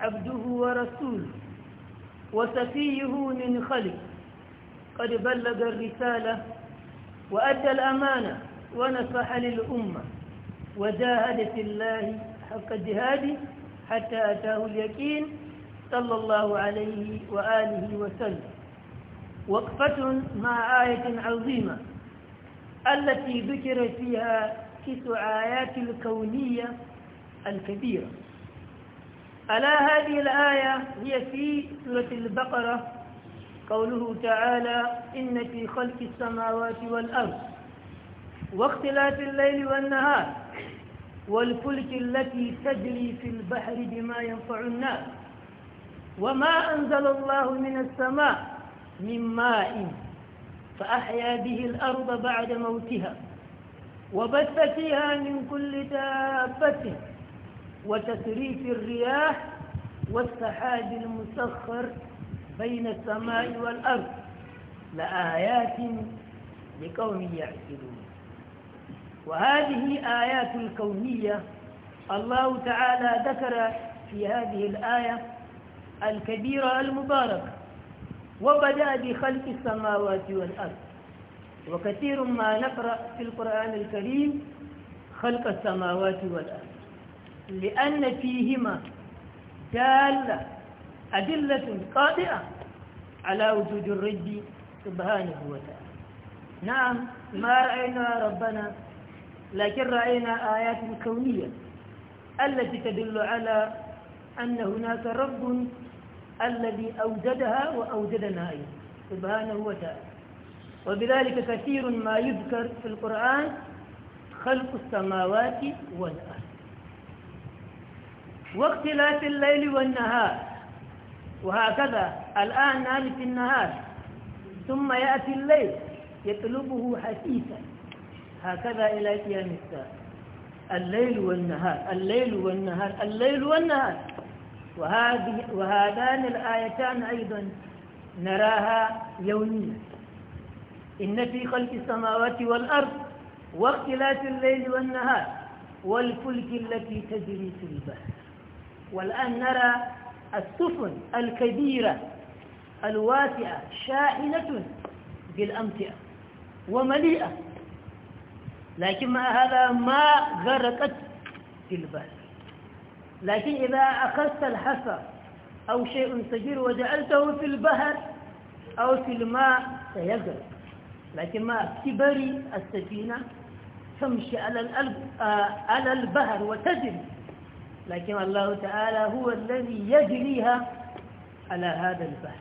عبده ورسوله وسفيه من خلق قد بلغ الرسالة وأدى الأمانة ونصح للأمة وجاهد في الله حق جهاده حتى أتاه اليقين صلى الله عليه وآله وسلم وقفة مع آية عظيمة التي ذكر فيها تسع آيات الكونية الكبيرة ألا هذه الآية هي في سورة البقرة قوله تعالى إن في خلق السماوات والأرض واختلاف الليل والنهار والفلك التي تجري في البحر بما ينفع الناس وما أنزل الله من السماء من ماء فأحيا به الأرض بعد موتها وبث فيها من كل دابة وتسريف الرياح والسحاب المسخر بين السماء والأرض لآيات لقوم يعقلون وهذه آيات الكونية الله تعالى ذكر في هذه الآية الكبيرة المباركة وبدأ بخلق السماوات والأرض وكثير ما نقرأ في القرآن الكريم خلق السماوات والأرض لأن فيهما دالة أدلة قاطعة على وجود الرب سبحانه وتعالى نعم ما رأينا ربنا لكن رأينا آيات كونية التي تدل على أن هناك رب الذي أوجدها وأوجدنا أيضا سبحانه وتعالى وبذلك كثير ما يذكر في القرآن خلق السماوات والأرض واختلاف الليل والنهار وهكذا الآن نام في النهار ثم يأتي الليل يطلبه حثيثا هكذا إلى قيام الساعة الليل والنهار الليل والنهار الليل والنهار وهذه وهذان الآيتان أيضا نراها يوميا إن في خلق السماوات والأرض واختلاف الليل والنهار والفلك التي تجري في البحر والآن نرى السفن الكبيرة الواسعة شاحنة بالأمتئة ومليئة لكن ما هذا ما غرقت في البحر لكن إذا أخذت الحصى أو شيء صغير وجعلته في البحر أو في الماء سيغرق لكن ما كبر السفينة تمشي على آه، البحر وتجري لكن الله تعالى هو الذي يجريها على هذا البحر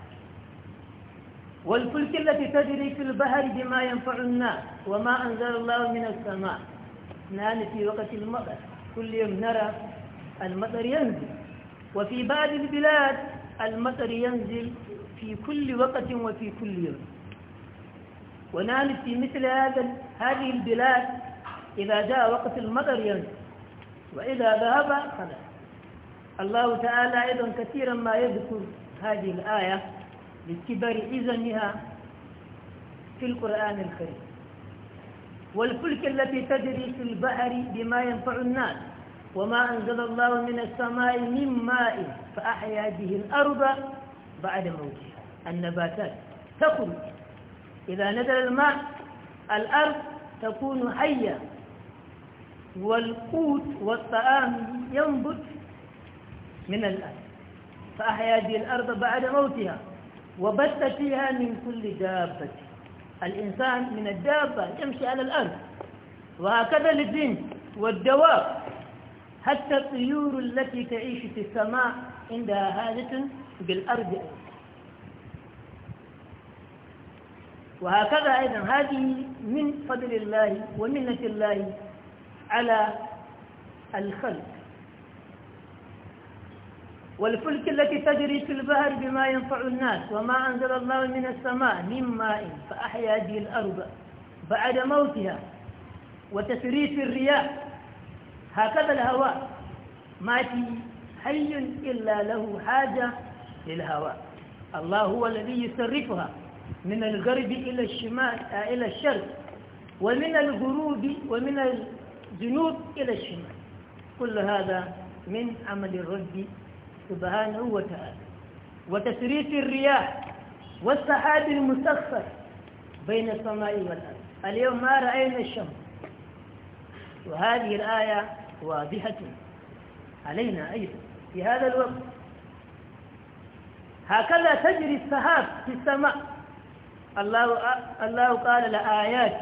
والفلك التي تجري في البحر بما ينفع الناس وما أنزل الله من السماء نحن في وقت المطر كل يوم نرى المطر ينزل وفي بعض البلاد المطر ينزل في كل وقت وفي كل يوم ونحن في مثل هذا هذه البلاد إذا جاء وقت المطر ينزل وإذا ذهب خلع الله تعالى أيضا كثيرا ما يذكر هذه الآية لكبر إذنها في القرآن الكريم والفلك التي تجري في البحر بما ينفع الناس وما أنزل الله من السماء من ماء فأحيا به الأرض بعد موتها النباتات تخرج إذا نزل الماء الأرض تكون حية والقوت والطعام ينبت من الأرض فأحيا هذه الأرض بعد موتها وبث فيها من كل دابة الإنسان من الدابة يمشي على الأرض وهكذا للدين والدواب حتى الطيور التي تعيش في السماء عندها حاجة بالأرض وهكذا أيضا هذه من فضل الله ومنة الله على الخلق والفلك التي تجري في البحر بما ينفع الناس وما أنزل الله من السماء من ماء فأحيا به الأرض بعد موتها وتسريف الرياح هكذا الهواء ما في حي إلا له حاجة للهواء الله هو الذي يصرفها من الغرب إلى الشمال إلى الشرق ومن الغروب ومن جنوب إلى الشمال كل هذا من عمل الرب سبحانه وتعالى وتسريف الرياح والسحاب المسخر بين السماء والأرض اليوم ما رأينا الشمس وهذه الآية واضحة علينا أيضا في هذا الوقت هكذا تجري السحاب في السماء الله, الله قال لآيات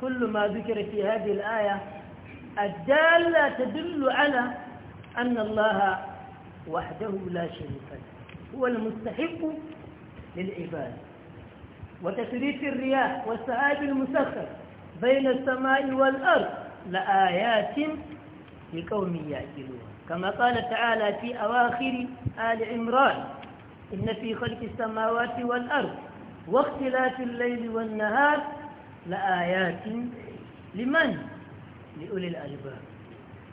كل ما ذكر في هذه الآية الدالة تدل على أن الله وحده لا شريك له هو المستحق للعباد وتفريق الرياح والسحاب المسخر بين السماء والأرض لآيات لقوم يعقلون كما قال تعالى في أواخر آل عمران إن في خلق السماوات والأرض واختلاف الليل والنهار لآيات لمن لأولي الألباب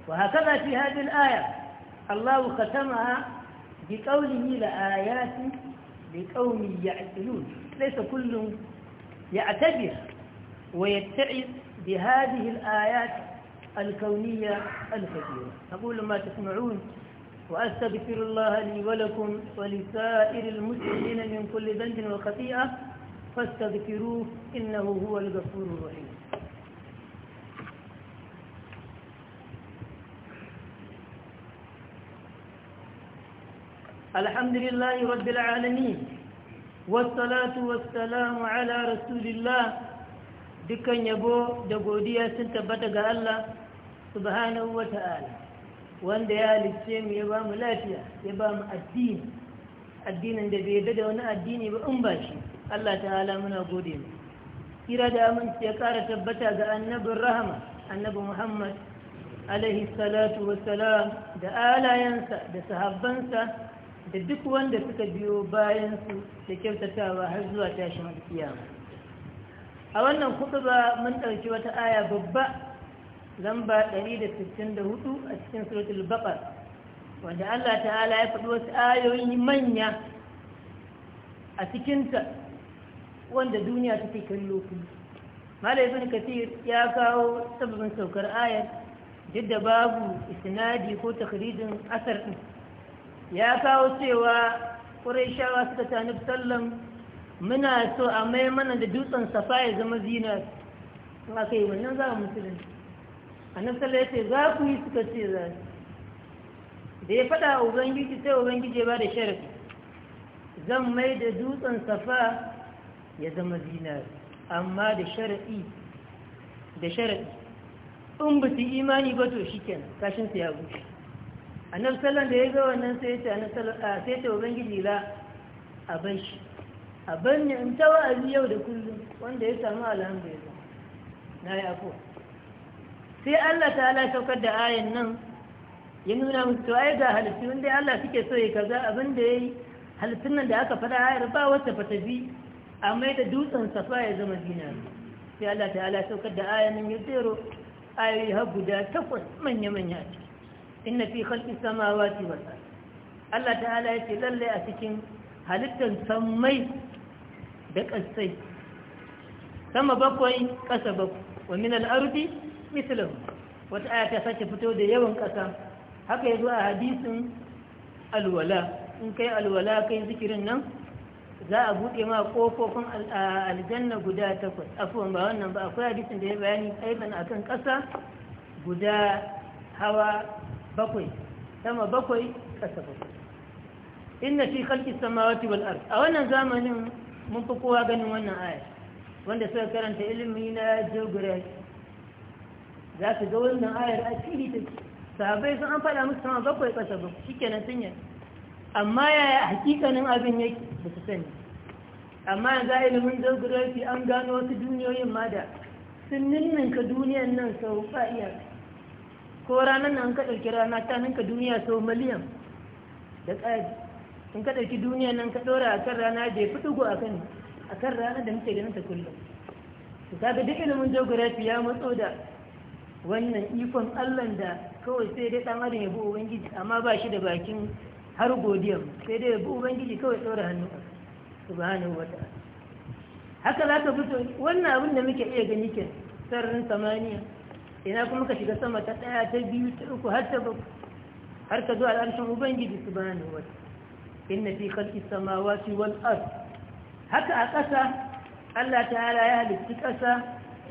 وهكذا في هذه الآية الله ختمها بقوله لآيات لقوم يعتلون ليس كل يعتبر ويتعظ بهذه الآيات الكونية الكثيرة أقول ما تسمعون وأستغفر الله لي ولكم ولسائر المسلمين من كل ذنب وخطيئة فاستغفروه إنه هو الغفور الرحيم الحمد لله رب العالمين والصلاة والسلام على رسول الله dukkan yabo da godiya sun tabbata ga Allah subhanahu wa ta'ala wanda ya halicce mu ya bamu lafiya ya bamu mu addinin da bai da wani addini ba in ba shi Allah ta'ala muna gode mu kira da aminci ya kara tabbata ga annabin rahma annabi Muhammad alaihi salatu wassalam da alayansa da sahabbansa da duk wanda suka biyo bayansu da kyautatawa har zuwa tashin kiyama a wannan ba mun ɗauki wata aya babba lamba 164 a cikin suratul baqar wanda Allah ta'ala ya faɗi wasu ayoyi manya a cikinta wanda duniya take kallo kuma malai ibn kathir ya kawo sabbin saukar ayar duk da babu isnadi ko takridin asar ɗin ya kawo cewa shawa suka tani sallam muna so a maimana da dutsen safa ya zama zinar A ka yi wannan za a musulun a nasala ya ce za ku yi suka ce za su da ya faɗa a ubangiji sai ubangiji ba da sharif zan mai da dutsen safa ya zama zinar amma da sharafi da sharafi in ba su imani ba to shi kenan kashin su ya bushe annabi sallan da ya ga wannan sai ya ce annabi sallan sai ce ubangiji la a bai shi a banni in ta wa'azi yau da kullum wanda ya samu alhamdulillah na yi afo sai Allah ta ala saukar da ayan nan ya nuna musu to ai ga halittu wanda Allah suke so ya kaza abin da ya yi halittun nan da aka fada ayar ba wata bi a mai da dutsen safa ya zama zinari sai Allah ta ala saukar da ayan nan ya tsero ayoyi har guda takwas manya-manya ce inna fi khalqi samawati wal ard Allah ta'ala yace lalle a cikin halittar sammai da ƙasai sama bakwai ƙasa bakwai wa min al-ardi wata aya ta sake fito da yawan ƙasa haka yazo a hadisin alwala in kai alwala kai zikirin nan za a buɗe ma ƙofofin aljanna guda takwas afuwan ba wannan ba akwai hadisin da ya bayani aiban akan ƙasa guda hawa bakwai sama bakwai ƙasa bakwai inna fi khalqi samawati wal ard a wannan zamanin mun fi kowa ganin wannan aya wanda suka karanta ilimi na geography za su ga wannan ayar a fili take sahabbai sun an faɗa musu sama bakwai ƙasa bakwai shikenan sun yi amma yaya hakikanin abin yake ba su sani amma yanzu a ilimin geography an gano wasu duniyoyin ma da sun ninninka duniyan nan sau ba iyaka ko ranar nan ka ɗauki rana ta ninka duniya sau miliyan da ƙari in ka ɗauki duniya nan ka ɗora a kan rana da ya fi a kan a kan rana da muke ganin ta kullum ta kaga duk ilimin geography ya matso da wannan ikon allon da kawai sai dai ɗan adam ya bi ubangiji amma ba shi da bakin har godiya sai dai ya bi ubangiji kawai ɗora hannu subhanahu wa ta'ala haka za ka fito wannan abin da muke iya gani ke sararin samaniya ina kuma ka shiga sama ta ɗaya ta biyu ta uku har ta bakwai har ka zo al'arshin ubangiji su bani wata inna fi khalqi samawati wal ar haka a ƙasa Allah ta'ala ya halitta ƙasa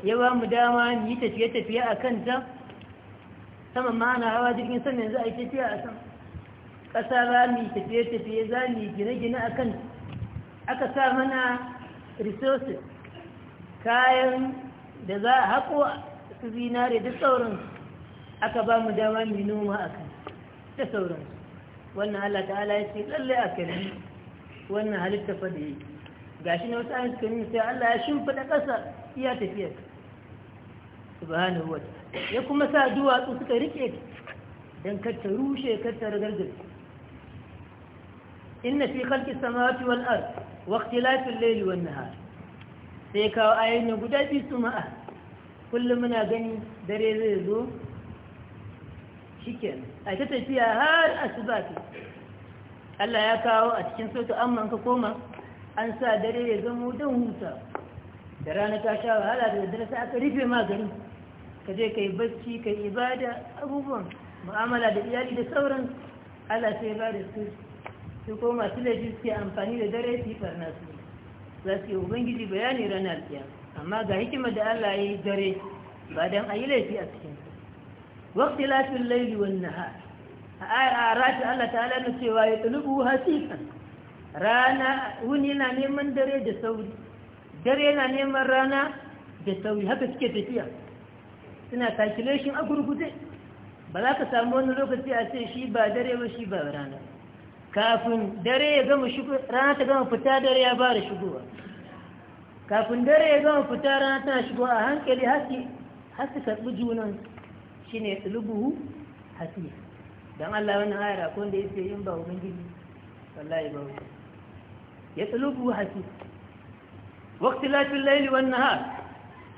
ya ba mu dama mu yi tafiye tafiye a kanta sama ma ana hawa jirgin sama yanzu a yi tafiya a sama ƙasa ba mu yi tafiye tafiye za mu yi gine-gine a kanta aka sa mana resources kayan da za a haƙo su zinare da sauransu aka ba mu dama mai noma a kan da sauransu wannan Allah ta'ala ya ce tsalle a yi. wannan halitta fa da Ga shi na wasu an suka nuna sai Allah ya shimfiɗa ƙasa iya tafiyar subhanahu wa ya kuma sa duwatsu suka rike don kacce rushe kacce ragargar inna fi khalqi samawati wal ard wa ikhtilafi al-layli wan nahar sai kawo ayoyi guda biyu su ma'a kullum muna gani dare zai zo shiken a ta tafiya har asuba ta Allah ya kawo a cikin sautu amman ka koma an sa dare ya zama don huta da rana ta sha wahala da daddare sai aka rufe magani ka je ka yi bacci ka yi ibada abubuwan mu'amala da iyali da sauran Allah sai ba da su su koma masu laifi suke amfani da dare su yi farna za su yi ubangiji bayani ranar kiyama amma ga hikimar da Allah ya yi dare ba don a yi laifi a cikin wakti lafin laili wani nahar a rashi Allah ta halar cewa ya tulubu hasifan rana wuni na neman dare da sauri dare na neman rana da sauri haka suke tafiya suna calculation a gurgude ba za ka samu wani lokaci a ce shi ba dare ba shi ba rana kafin dare ya gama shigo rana ta gama fita dare ya fara shigowa kafin dare ya gama fita rana tana shigo a hankali har su karɓi junan shi ne tsulubuhu hasi don Allah wani ayar akwai da ya yin ba ubangiji wallahi ba wuce ya tsulubuhu hasi wakti lafin laili wannan ha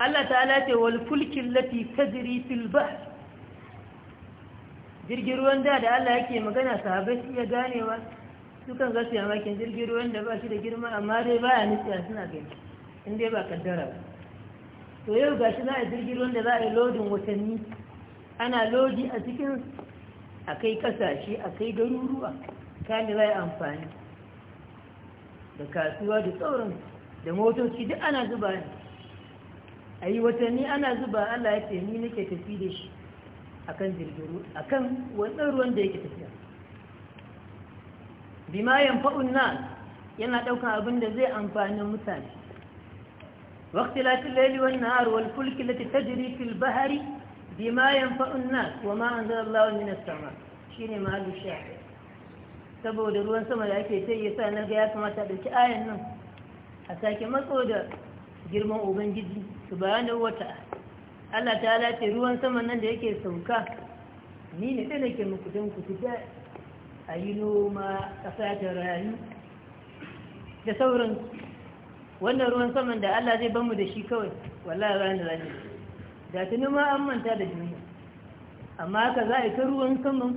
Allah ta'ala ce wal fulkin lati tajri fil bahr jirgin ruwan da da Allah yake magana sahabai su iya ganewa sukan gasu makin jirgin ruwan da ba shi da girma amma dai baya nutsiya suna gani in dai ba kaddara ba to yau ga shi za a jirgin ruwan da za a yi lodin watanni ana lodi a cikin a kai kasashe a kai garuruwa kayan za a yi amfani da kasuwa da tsaurin da motoci duk ana zuba ne a yi watanni ana zuba allah ya ce ni nake tafi da shi a kan jirgin a kan wannan ruwan da yake tafiya bimayen fa'un na yana ɗaukar abin da zai amfani mutane واختلاف الليل والنهار والفلك التي تجري في البحر بما ينفع الناس وما أنزل الله من السماء شيني محل الشاعر saboda ruwan sama da ake sai ya sa na ga ya kamata da ci ayan nan a sake matso da girman ubangiji su bayanin wata Allah ta lace ruwan sama nan da yake sauka ni ne ɗaya nake muku don ku fita a yi noma ƙasa ta rayu da sauransu wannan ruwan saman da Allah zai bamu da shi kawai wallahi ranar rani da tuni ma an manta da duniya amma ka za a yi ta ruwan saman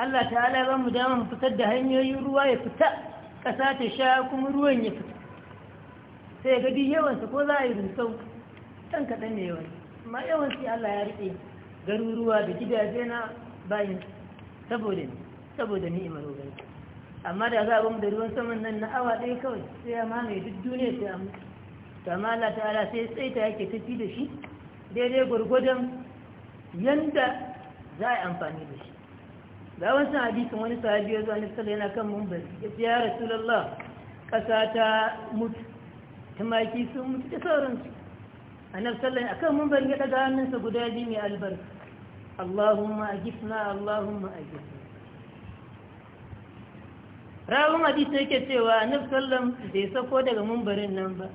Allah ta'ala ba mu dama fitar da hanyoyin ruwa ya fita kasa ta sha kuma ruwan ya fita sai ga di sa ko za a yi rusau Dan kaɗan ne yawan amma yawan sai Allah ya riƙe garuruwa da gidaje na bayan saboda ni'imar ubangiji amma da za a bamu da ruwan saman nan na awa ɗaya kawai sai ya mamaye duk duniya sai amma to amma Allah ta'ala sai ta yake tafi da shi daidai gwargwadon yanda za a yi amfani da shi ga wancan hadisin wani sahabi ya zo an sallah yana kan mumbar ya fiya rasulallah ƙasa ta mutu tumaki sun mutu da sauransu annab sallah kan mumbar ya ɗaga hannunsa guda biyu mai albarka Allahumma gifna Allahumma gifna. rawun hadisi yake cewa annabi sallam bai sako daga mumbarin nan ba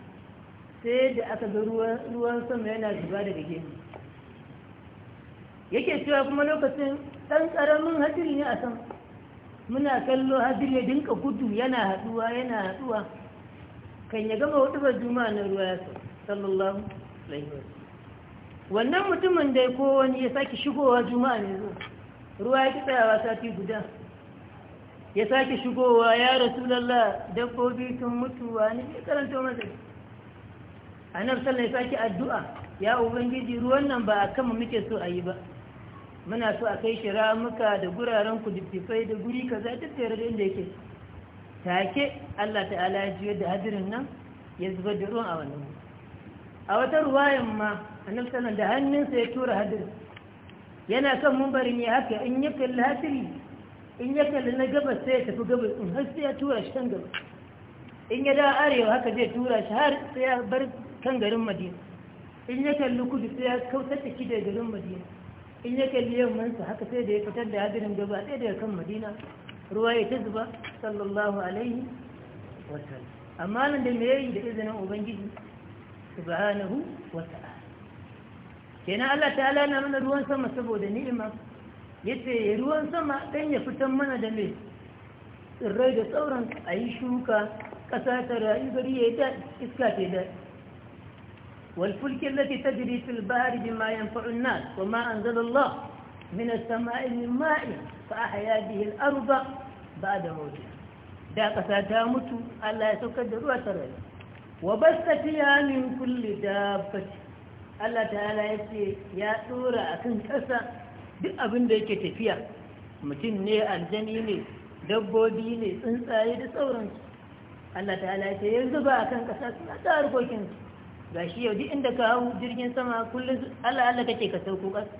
sai da aka ga ruwan sama yana zuba daga gemu yake cewa kuma lokacin ɗan ƙaramin hadiri ne a san muna kallo hadiri ya dinka gudu yana haɗuwa yana haɗuwa kan ya gama wata juma'a na ruwa ya sallallahu alaihi wannan mutumin dai ko wani ya sake shigowa juma'a ne zuwa ruwa ya ki tsayawa sati guda ya sake shigowa ya rasulallah dabbobi sun mutu ne ya karanta masa nan sallallahu ya sake addu'a ya ubangiji ruwan nan ba a kama muke so a yi ba muna so a kai shi ramuka da guraren kuduttifai da guri kaza duk tare da inda yake take Allah ta'ala ya jiyo da hadirin nan ya zuba da ruwan a wannan a wata ruwayan ma nan sallallahu da hannunsa ya tura hadirin yana kan mumbarin ya haka in yi kalli hasiri in ya kalli na gabas sai ya tafi gabas in har sai ya tura shi kan gabas in ya da arewa haka zai tura shi har sai ya bar kan garin madina in ya kalli kudu sai ya kautar da shi daga garin madina in ya kalli yammansa haka sai da ya fitar da hadirin gaba ɗaya daga kan madina ruwa ya ta zuba sallallahu alaihi wasallam amma nan da me yayi da izinin ubangiji subhanahu wa ta'ala kenan Allah ta'ala na mana ruwan sama saboda ni'ima ya ce ruwan sama ɗan ya fitan mana da mai tsirrai da tsauran a shuka ƙasa ta rayu gari ya yi da iska ce da والفلك التي تجري في البحر بما ينفع الناس وما أنزل الله من السماء من ماء فأحيا به الأرض بعد موتها دا قساتا ألا يتكدر وترى وبث فيها من كل دابة ألا تعالى يتي يا سورة أكن كسا duk abin da yake tafiya mutum ne aljani ne dabbobi ne tsuntsaye da sauransu Allah ta'ala ya ce yanzu ba a kan ƙasa na tsawar harkokinsu ga shi yau duk inda ka hau jirgin sama kullum Allah Allah kake ka sauko ƙasa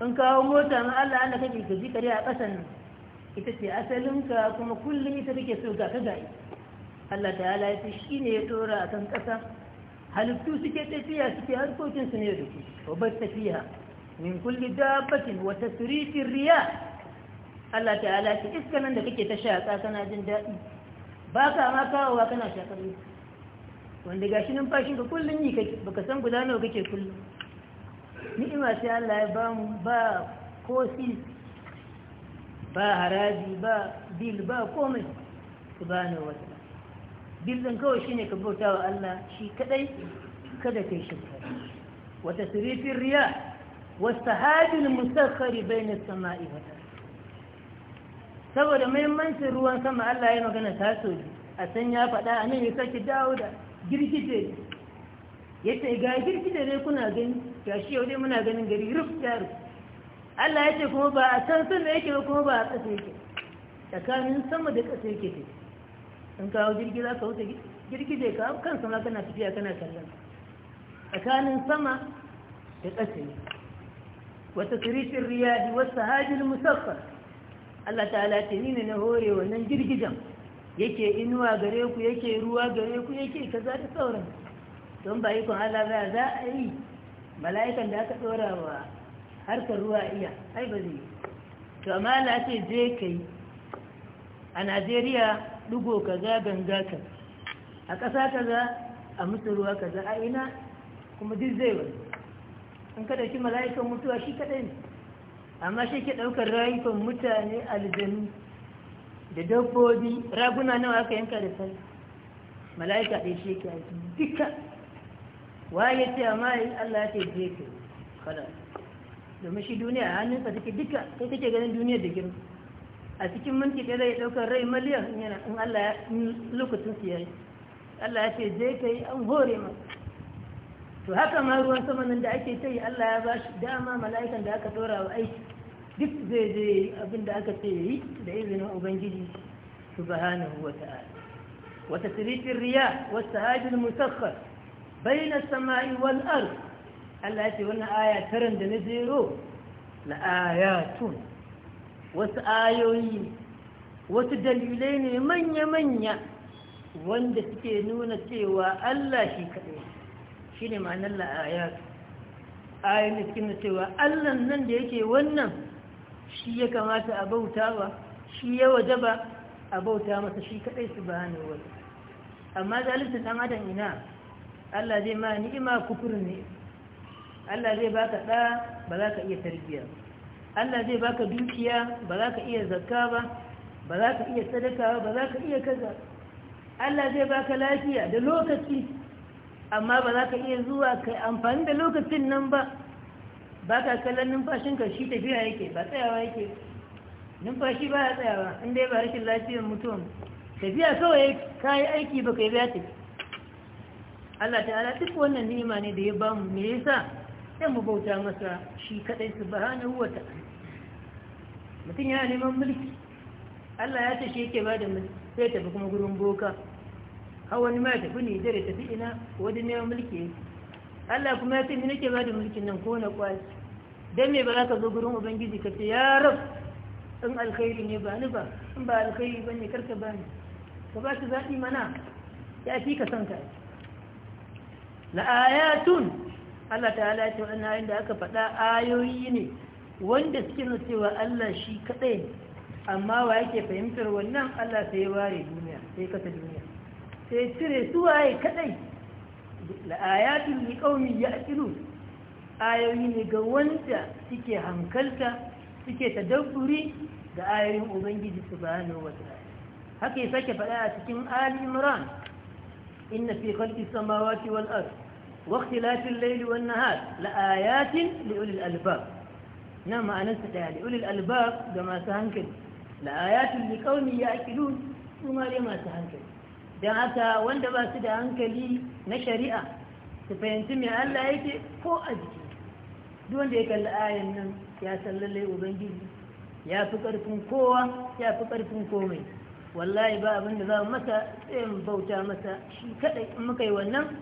in kawo mota ma Allah Allah kake ka ji kare a ƙasan nan ita ce asalin ka kuma kullum ita kake so ga ka gaye Allah ta'ala ya ce shi ne ya tora a kan ƙasa halittu suke tafiya suke harkokinsu ne da ku, babbar tafiya min kulli dabbatin wa tasrifi riyah Allah ta'ala ki iska nan da kake ta shaka kana jin daɗi ba ka ma kawowa kana shaƙar ne wanda gashi numfashin ka kullum yi kake baka san guda nawa kake kullum ni'ima sai Allah ya bamu ba si ba haraji ba bil ba komai subhanahu wa ta'ala bil din kawai shine ka bautawa Allah shi kadai kada kai shirka wata tasrifi riya والسحاب المسخر بين السماء والأرض saboda mahimmancin ruwan sama Allah ya magana ta so a san ya faɗa a nan ya sake dawo da girgije ya ce ga girgije ne kuna gani ga shi yau dai muna ganin gari ruf ruf Allah ya ce kuma ba a san sun yake ba kuma ba a ƙasa yake tsakanin sama da ƙasa yake ce in kawo jirgi za ka wuce girgije ka kan ma kana tafiya kana kallon tsakanin sama da ƙasa yake Riyadi, wasu والسهاد المسخر Allah ta'ala ce ni ne na hore wannan girgijan yake inuwa gare ku yake ruwa gare ku yake kaza da sauran don ba ikon Allah ba za a yi mala'ikan da aka tsora wa harkar ruwa iya ai ba zai to amma Allah ce je kai a Najeriya dugo kaza ganga ka a ƙasa kaza a musu ruwa kaza a ina kuma duk zai wani an ka shi mala'ikan mutuwa shi kadai ne amma shi ke ɗaukar rayukan mutane aljanu da dabbobi raguna nawa aka yanka da sai mala'ika ɗaya shi ke aiki duka waye ce amma Allah ya ce je ka kada domin shi duniya a hannunsa take duka sai take ganin duniyar da girma a cikin minti ɗaya zai ɗaukar rai miliyan in Allah ya lokacin su yayi Allah ya ce je kai an hore maka to haka ma ruwan sama nan da ake tayi Allah ya shi dama mala'ikan da aka dora wa aiki duk zai je abin da aka ce yi da izinin ubangiji subhanahu wa ta'ala wa tasrif riya wa sahaj al-musakhkhar bayna samai wal ard Allah ya ce wannan aya taran da na zero la ayatun wasu ayoyi wasu dalilai ne manya-manya wanda suke nuna cewa Allah shi kaɗai shi ne ma'anar la'ayat ayin da cikin cewa allan nan da yake wannan shi ya kamata a bautawa shi ya waje ba a bauta masa shi kadai su ba ne wani amma zalitin ɗan adam ina allah zai ma ni'ima kufur ne allah zai baka ɗa ba za ka iya tarbiyya allah zai baka dukiya ba za ka iya zakka ba ba za ka iya sadaka ba ba za ka iya kaza allah zai baka lafiya da lokaci amma ba za ka iya zuwa kai amfani da lokacin nan ba ba ka kallon numfashinka shi tafiya yake ba tsayawa yake numfashi ba ya tsayawa inda ya ba rashin lafiyar mutuwan tafiya kawai ka yi aiki ba kai biya tafi Allah ta'ala duk wannan ni'ima ne da ya ba mu me yasa sai mu bauta masa shi kadai subhanahu wa wata. mutum yana neman mulki Allah ya tashi yake ba da mulki sai tafi kuma gurin boka har wani ma tafi nijar ya tafi ina wani neman mulki Allah kuma ya ce nake ba da mulkin nan ko na kwaci dan me ba za ka zo gurin ubangiji ka ce ya rab in alkhairi ne ba ni ba in ba alkhairi ba ne karka ba ni ka ba shi zaɓi mana ya fi ka son ka tun Allah ta'ala ya ce wannan ayin da aka faɗa ayoyi ne wanda suke na cewa Allah shi kaɗai amma wa yake fahimtar wannan Allah sai ya ware duniya sai kasa duniya سيسره سواهي كتاي لآيات لقوم يأكلون آيوين قوانتا سيكي همكلتا سيكي تدوري دآيوين أبنجد سبحانه وتعالى حكي فاكي فلاها سيكي آل إمران إن في خلق السماوات والأرض واختلاف الليل والنهار لآيات لأولي الألباب نعم أنا سيكي لأولي الألباب دماثا هنكد لآيات لقوم يأكلون ثم لماثا هنكد don haka wanda ba su da hankali na shari'a su fahimci mai Allah yake ko a jiki duk wanda ya kalli ayan nan ya san lallai ubangiji ya fi ƙarfin kowa ya fi ƙarfin komai wallahi ba abin da za mu masa sai bauta masa shi kaɗai in muka yi wannan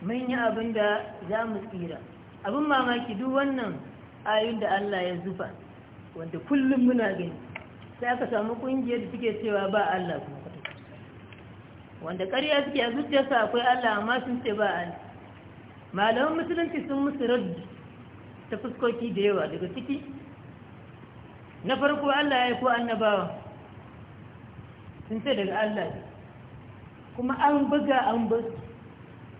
mun yi abin da za mu tsira abin mamaki duk wannan ayun da Allah ya zufa wanda kullum muna gani sai aka samu ƙungiyar da suke cewa ba Allah kuma wanda ƙarya suke a zuciyarsa akwai Allah amma sun ce ba Allah malaman musulunci sun musu raddi ta fuskoki da yawa daga ciki na farko Allah ya yi ko annabawa sun ce daga Allah kuma an buga an bar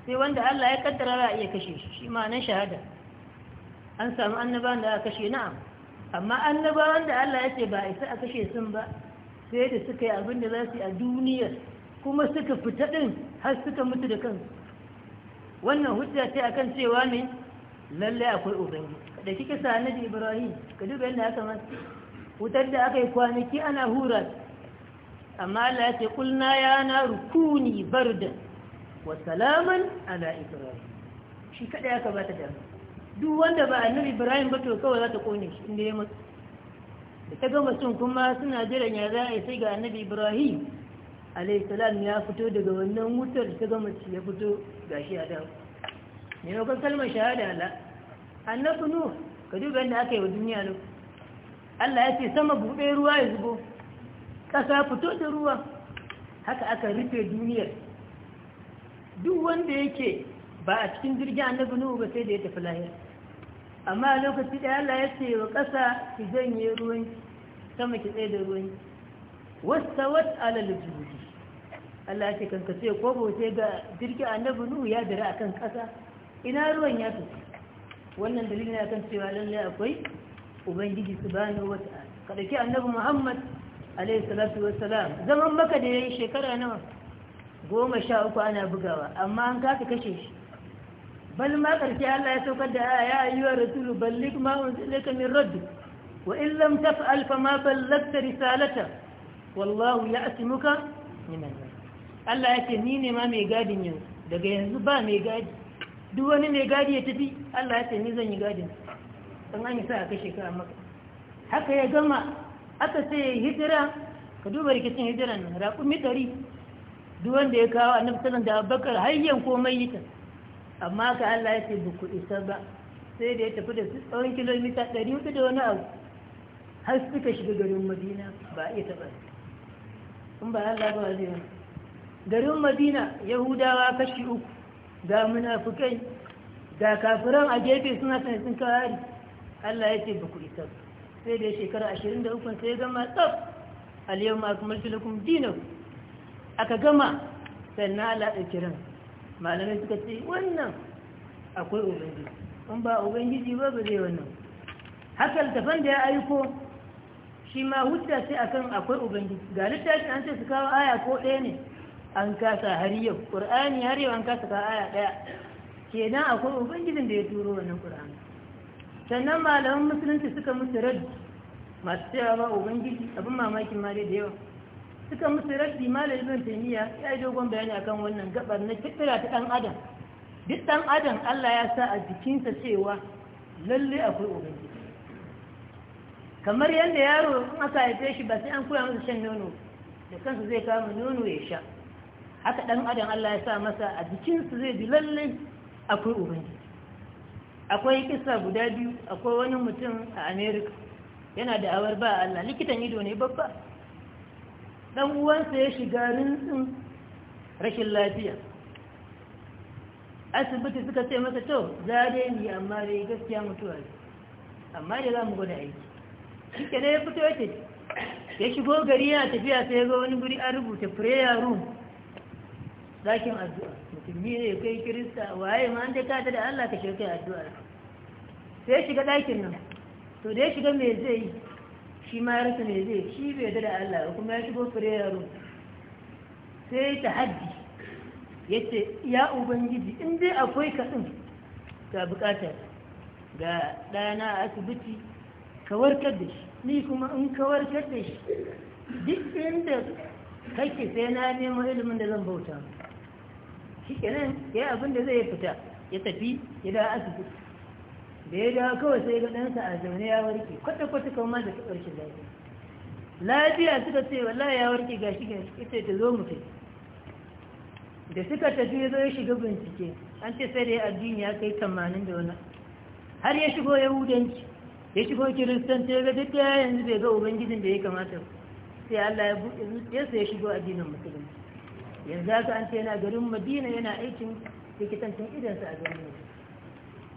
sai wanda Allah ya kaddara za a iya kashe shi shi ma nan shahada an samu annabawan da aka kashe na'am amma annabawan da Allah ya ce ba a isa a kashe sun ba sai da suka yi abin da za su yi a duniyar kuma suka fita ɗin har suka mutu da kansu wannan hujja ce akan cewa ne lallai akwai ubangi da kika sa annabi ibrahim ka duba yadda aka masa wutar da aka yi kwanaki ana hura amma Allah ya ce kulna ya na rukuni bar wa salaman ala ibrahim shi kada ya kamata da duk wanda ba annabi ibrahim ba to kawai za ta kone shi inda ya mutu da ta gama sun kuma suna jiran ya za a yi sai ga annabi ibrahim alaihissalam ya fito daga wannan wutar ta gama ya fito shi a dan maimakon kalmar shahada Allah annabi nu ka duba yadda aka yi wa duniya nu Allah ya ce sama buɗe ruwa ya zubo ƙasa fito da ruwa haka aka rufe duniyar duk wanda yake ba a cikin jirgin annabi nu ba sai da ya tafi lahiya amma a lokaci da Allah ya ce wa ƙasa ki janye ruwan sama ki tsaye da ruwan Wasu wata alal Allah ya ce kan ka ce ko bauce ga jirgin annabi nuhu ya dare akan kasa ina ruwan ya tafi wannan dalilin akan cewa lalle akwai ubangiji subhanahu wata'ala ka dauki annabi Muhammad alaihi salatu wassalam zaman maka da yayi shekara nawa goma sha uku ana bugawa amma an kasa kashe shi bal ma karshe Allah ya saukar da aya ya ayyuhar rasulu balligh ma unzilaka min rabbik wa in lam taf'al fama ballagta risalata wallahu ya'timuka min al Allah ya ce ni ne ma mai gadin yanzu daga yanzu ba mai gadi duk wani mai gadi ya tafi Allah ya ce ni zan yi gadin san an yi sa a kashe ka maka haka ya gama aka ce hijira ka duba rikicin hijiran nan raƙumi ɗari duk wanda ya kawo annabi wasallam da abubakar hayyan komai yi amma ka Allah ya ce ba ku isa ba sai da ya tafi da tsawon kilomita ɗari da wani abu har suka shiga garin madina ba a iya taɓa in ba Allah ba zai yi. garin madina yahudawa kashi uku ga munafukai ga kafiran a gefe suna kan sun kawari allah ya ce ba ku isa sai da shekara ashirin da hukun sai gama tsaf aliyu ma'akamalci lakum dina aka gama sannan allah ɗauki ran malamai suka ce wannan akwai ubangiji in ba ubangiji ba ba zai wannan haka littafan da ya aiko shi ma hujja ce akan akwai ubangiji ga littafin an ce su kawo aya ko ɗaya ne an kasa har yau ƙur'ani har yau an kasa ka aya ɗaya kenan akwai ubangijin da ya turo wannan ƙur'ani sannan malaman musulunci suka musu raddi masu cewa ba ubangiji abin mamakin ma dai da yawa suka musu raddi malam ibn taymiya ya yi dogon bayani akan wannan gabar na fitira ta ɗan adam duk ɗan adam Allah ya sa a jikinsa cewa lalle akwai ubangiji kamar yadda yaro in aka haife shi ba sai an koya masa shan nono da kansa zai kama nono ya sha haka ɗan adam Allah ya sa masa a jikinsu zai ji lallai akwai ubangiji akwai kisa guda biyu akwai wani mutum a america yana da awar ba Allah likitan ido ne babba dan uwansa ya shiga rintsin rashin lafiya asibiti suka ce masa to za dai ni amma dai gaskiya mutuwa ne amma dai za mu gwada aiki shi ke ya fito ya ya shigo gari yana tafiya sai ya ga wani guri an rubuta prayer room ɗakin addu'a musulmi ne kai kirista waye ma an dai kata da Allah ka shirka addu'a sai shiga ɗakin nan to da ya shiga me zai yi shi ma ya rasa me zai shi bai da Allah kuma ya shigo prayer room sai ta haddi yace ya ubangiji in dai akwai ka din ga bukata ga ɗana a asibiti ka warkar da shi ni kuma in ka warkar da shi duk inda kake sai na nemo ilimin da zan bauta mu shi kenan ya yi abin da zai fita ya tafi ya da asibiti da ya dawo kawai sai ga a zaune ya warke kwata-kwata ma da taɓar shi lafiya lafiya suka ce wallahi ya warke gashi gashi ita ta zo mu tafi da suka tafi ya zo ya shiga bincike an ce sai da ya addini ya kai tamanin da wani har ya shigo yahudanci ya shigo kiristanci ya ga duk ya yanzu bai ga ubangijin da ya kamata sai allah ya buɗe zuciyarsa ya shigo addinin musulunci yanzu haka an ce yana garin madina yana aikin likitancin idansa a garin madina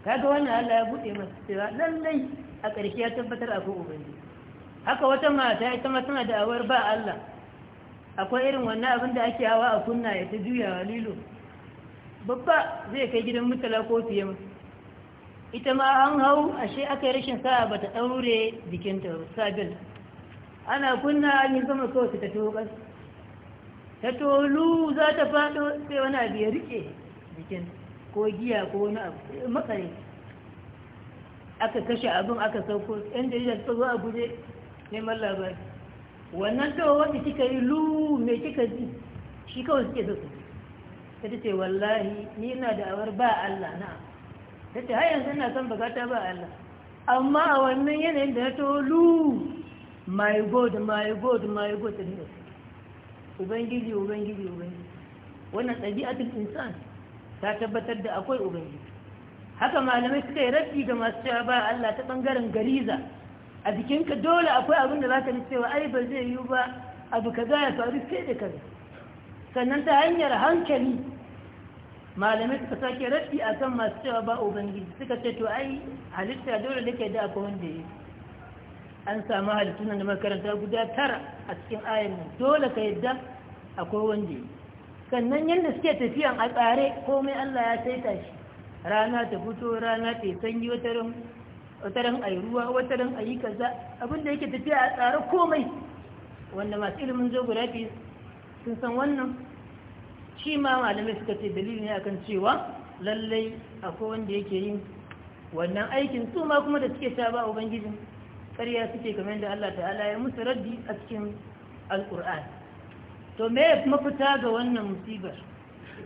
kaga wannan Allah ya buɗe masu cewa lallai a ƙarshe ya tabbatar a akwai bane haka wata mata ita ma tana da ba Allah akwai irin wannan abin da ake hawa a kunna ya ta juya wa lilo babba zai kai gidan mutala ko fiye ma ita ma an hau ashe aka yi rashin sa'a ba ta ɗaure jikinta sabin ana kunna an yi zama kawai ta tafi ta tolu za ta faɗo sai wani abu ya rike jikin ko giya ko wani abu makare aka kashe abin aka sauko yan jarida suka zo a guje neman labari wannan tawa wanda kika yi lu me kika ji shi kawai suke su ta ce wallahi ni ina da awar ba Allah na ta ce har yanzu ina son bukata ba Allah amma a wannan yanayin da to tolu my god my god my god ta ubangiji ubangiji ubangiji wannan ɗabi'atul insan ta tabbatar da akwai ubangiji haka malamai suka yi rafi ga masu cewa ba Allah ta bangaren gariza a jikinka dole akwai abin da zaka ji cewa ai ba zai yi ba abu kaza ya faru sai da kaza sannan ta hanyar hankali malamai suka sake a akan masu cewa ba ubangiji suka ce to ai halitta dole da ke da akwai wanda ya yi an samu halittun da makaranta guda tara a cikin ayin nan dole ka yadda akwai wanda yi sannan yadda suke tafiyan a tsare komai Allah ya saita shi rana ta fito rana ta sanyi wataran a yi ruwa wataran a yi kaza abinda yake tafiya a tsare komai wanda masu ilimin geography sun san wannan shi ma malamai suka ce dalili ne akan cewa lallai akwai wanda yake yin wannan aikin su ma kuma da suke sha ba ubangijin ƙarya suke kamar yadda Allah ta'ala ya musu raddi a cikin al'ur'an. to me mafita ga wannan musibar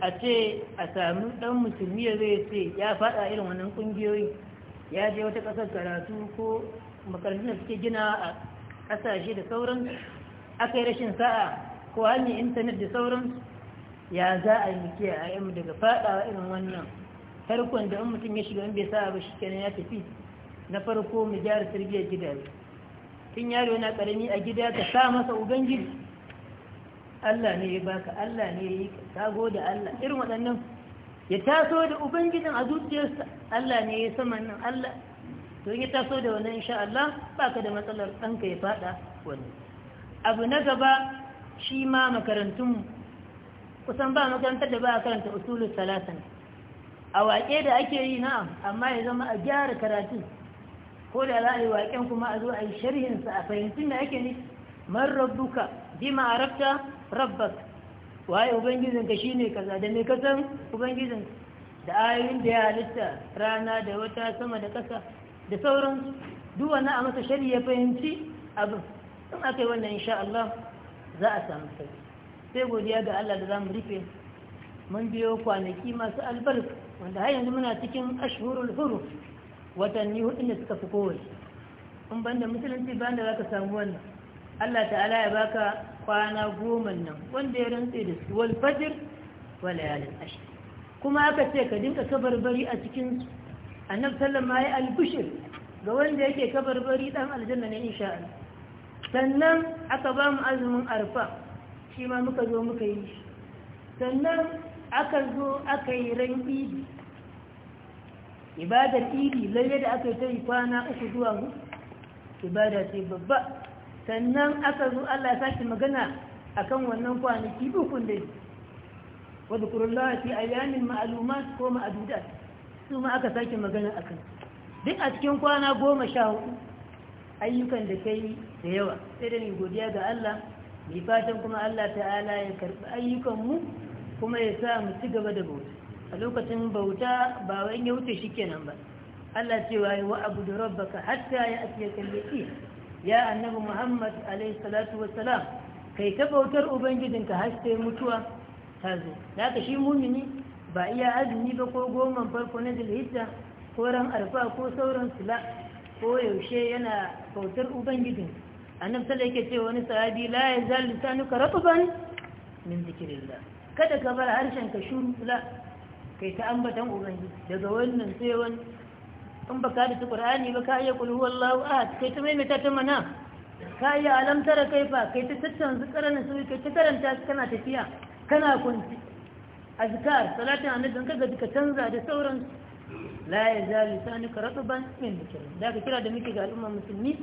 a ce a sami ɗan musulmi ya zai ce ya faɗa irin wannan ƙungiyoyi ya je wata kasar karatu ko makarantun suke gina a ƙasashe da sauran aka yi rashin sa'a ko hanyar intanet da sauran ya za a yi kiyaye mu daga faɗawa irin wannan harkon da mutum ya shiga in bai sa'a ba shi kenan ya tafi na farko mu gyara tarbiyyar gidaje tun yaro yana karami a gida ka sa masa ubangiji Allah ne ya baka Allah ne ya yi ka da Allah irin waɗannan ya taso da ubangijin a zuciyarsa Allah ne ya sama nan Allah to ya taso da wannan insha Allah baka da matsalar ɗanka ya faɗa wani. abu na gaba shi ma makarantunmu kusan ba makarantar da ba a karanta usulun salatan a waƙe da ake yi na'am amma ya zama a gyara karatun ko da za a yi waƙen kuma a zo a yi sharhinsa a fahimci da ake ne man rabbuka bi ma'arafta rabbak waye ka shine kaza da me kasan ubangijin da ayoyin da ya halitta rana da wata sama da kasa da sauran duk wani a masa sharhi ya fahimci abu in aka yi wannan insha Allah za a samu sai sai godiya ga Allah da zamu rufe mun biyo kwanaki masu albarka wanda har yanzu muna cikin ashhurul hurum watanni hudu da suka fi kowace in banda musulunci ban da za ka samu wannan allah ta'ala ya baka kwana goma nan wanda ya rantse da su wal fajir wa layalin kuma aka ce ka dinka kabarbari a cikin su annabi sallama ya albishir ga wanda yake kabarbari dan aljanna ne insha Allah sannan aka ba mu azumin arfa shi ma muka zo muka yi sannan aka zo aka yi ran idi ibadar idi lalle da aka yi ta yi kwana uku zuwa hudu ibada ce babba sannan aka zo Allah ya sake magana akan wannan kwanaki ukun dai wadda kurullawa fi ayyamin ma'alumat ko ma'adudat su ma aka sake magana akan duk a cikin kwana goma sha hudu ayyukan da kai da yawa sai da ni godiya ga Allah mai fatan kuma Allah ta'ala ya karɓi ayyukanmu kuma ya sa mu ci gaba da bauta a lokacin bauta ba wani ya wuce shi kenan ba Allah cewa yi wa abu da rabba ka hatta ya asiya kallaki ya annabi muhammad alaihi salatu salam. kai ta bautar ubangijinka har sai mutuwa ta zo da ka shi mumini ba iya azumi ba ko goma farko na dilhijja ko ran arfa ko sauran sula ko yaushe yana bautar ubangijin annabi sallallahu yake ce wani sahabi la yazal lisanuka ratban min zikrillah kada ka bar harshen ka shuru sula kai ta ambatan ubangiji daga wannan sai wani in ba da ta kur'ani ba ka iya kulhu wallahu ahad kai ta maimaita ta mana ka iya alamtara kai fa kai ta tattan zikran su kai ta karanta su kana tafiya kana kunci azkar salatin ka kaga duka canza da sauran la ya zali sani ka min da ka kira da muke ga al'umma musulmi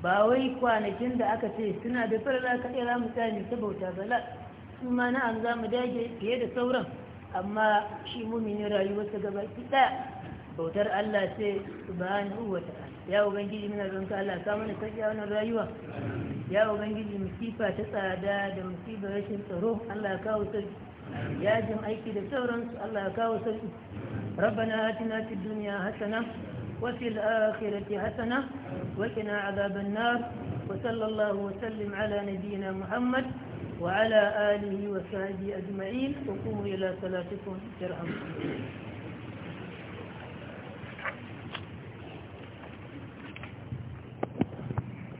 ba wai kwanakin da aka ce suna da farla ka iya mutane tsani ta bauta ba la na an zamu dage fiye da sauran amma shi mumini rayuwarsa gaba ki daya bautar Allah ce subhanahu wa ta'ala ya ubangiji muna zonka Allah ka mana sauki a wannan rayuwa ya ubangiji musifa ta tsada da musibar rashin tsaro Allah ya kawo sauki ya jin aiki da sauransu Allah ya kawo sauki ربنا آتنا في الدنيا حسنة وفي الآخرة حسنة وقنا عذاب النار وصلى الله وسلم ala نبينا muhammad. وعلى آله وصحبه أجمعين وقوموا إلى صلاتكم ترحمكم